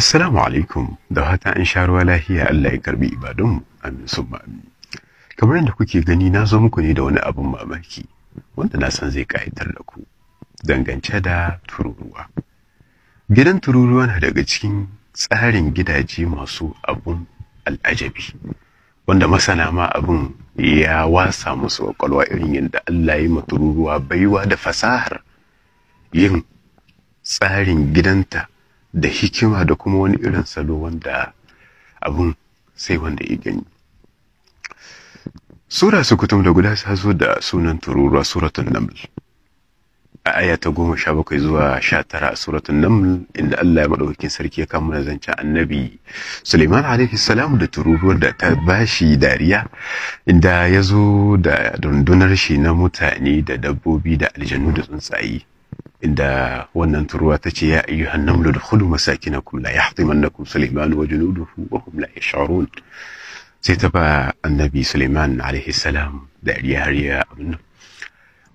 Assalamu alaikum da hata an sha ruwa lahiya Allah ya karbi ibadunmu amin sun ma'ami. Kamar yadda kuke gani na zo muku ne da wani abin mamaki wanda na san zai kayatar da ku dangance da tururuwa. Gidan tururuwa na daga cikin tsarin gidaje masu abun al'ajabi wanda masana ma abin ya wasa musu kwakwalwa irin yadda Allah ya ma tururuwa baiwa da fasahar yin tsarin gidanta da hikima da kuma wani irin salo wanda abun sai wanda ya gani sura su kutum da guda sa zo da sunan tururuwa suratun naml a aya ta goma sha bakwai zuwa sha tara a suratun naml inda Allah ya maɗaukakin sarki ya kama na zancen annabi Suleiman alaihi salam da tururuwar da ta bashi dariya inda ya zo da dundunar shi na mutane da dabbobi da aljanu da tsuntsaye inda wannan turuwa ta ce ya ayyuhan namlu da hudu masakinakum la yahtimannakum Suleiman wa junuduhu wa hum la sha'arun sai ta ba annabi Suleiman alaihi salam da yariya abin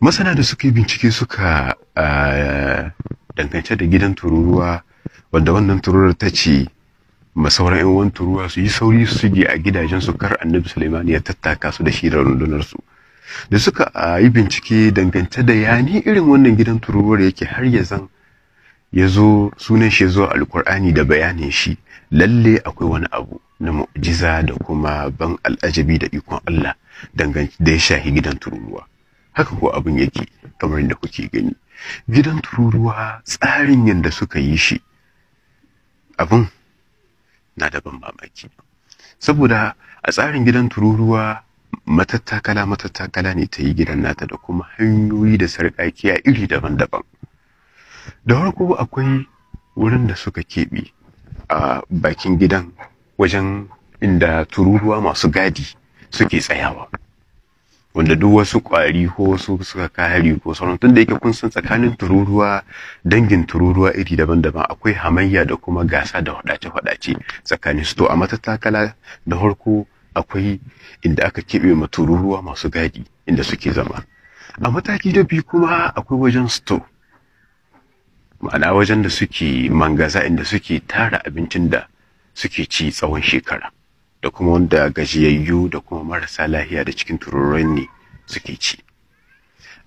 masana da suka yi bincike suka ah, dangance da gidan tururuwa wanda wannan turuwar ta ce masauran yan turuwa su yi sauri su shige a gidajensu su kar annabi Suleiman ya tattaka su da shi da rundunarsu da suka yi bincike dangance da yani irin wannan gidan turuwar yake har ya zan ya zo sunan shi zuwa alkur'ani da bayanin shi lalle akwai wani abu na mu'jiza da kuma ban al'ajabi da ikon Allah dangance da ya shahi gidan tururuwa haka ko abin yake kamar da kuke gani gidan tururuwa tsarin yadda suka yi shi abun na da ban mamaki saboda a tsarin gidan tururuwa matattakala matattakala ne ta yi gidan nata da kuma hanyoyi da sarƙaƙiya iri daban-daban da farko akwai wurin da suka keɓe a bakin gidan wajen inda tururuwa masu gadi suke tsayawa wanda duk wasu ƙwari ko wasu suka kare ko sauran tunda yake kun san tsakanin tururuwa dangin tururuwa iri daban-daban akwai hamayya da kuma gasa da faɗace-faɗace tsakanin su to a matattakala da farko akwai inda aka keɓe ma tururuwa masu gadi inda suke zama a mataki da biyu kuma akwai wajen sto ma'ana wajen da suke mangaza inda suke tara abincin da suke ci tsawon shekara da kuma wanda gajiyayyu da kuma marasa lahiya da cikin tururuwan ne suke ci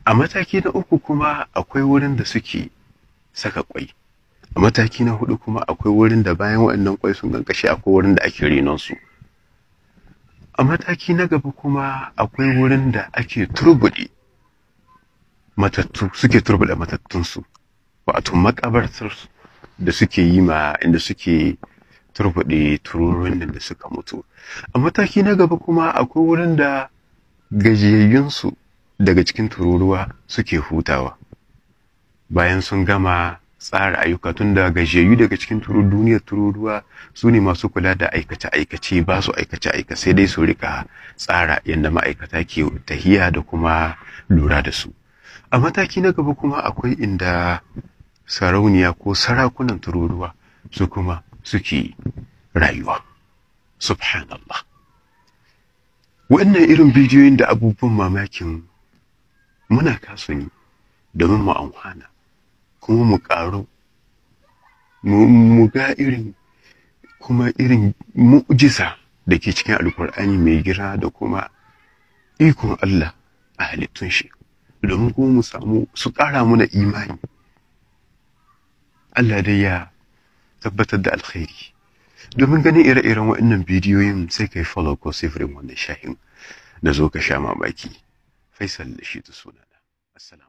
a mataki na uku kuma akwai wurin da suke saka kwai a mataki na hudu kuma akwai wurin da bayan waɗannan kwai sun gankashe akwai wurin da ake renon su a mataki na gaba kuma akwai wurin da ake turbuɗe matattu suke turbuɗe matattunsu wato makabartar da suke yi ma inda suke turbuɗe tururin da suka mutu a mataki na gaba kuma akwai wurin da gajiyayyunsu daga cikin tururuwa suke hutawa bayan sun gama tsara ayyuka tun da gajiyayyu daga cikin turu duniyar tururuwa su ne masu kula da aikace-aikace ba su aikace-aikace sai dai su rika tsara yadda ma'aikata ke tahiya da kuma lura da su a mataki na gaba kuma akwai inda sarauniya ko sarakunan tururuwa su kuma suke rayuwa subhanallah wannan irin bidiyoyin da abubuwan mamakin muna kasu ne domin mu amfana kuma mu ƙaru mu ga irin kuma irin mu'jiza da ke cikin alkur'ani mai gira da kuma ikon Allah a halittun shi domin kuma mu samu su ƙara mana imani Allah dai ya tabbatar da alkhairi domin ganin ire-iren waɗannan bidiyoyin sai kai follow ko sifirin wannan shahin da zo ka sha mamaki faisal da shi ta sunana assalamu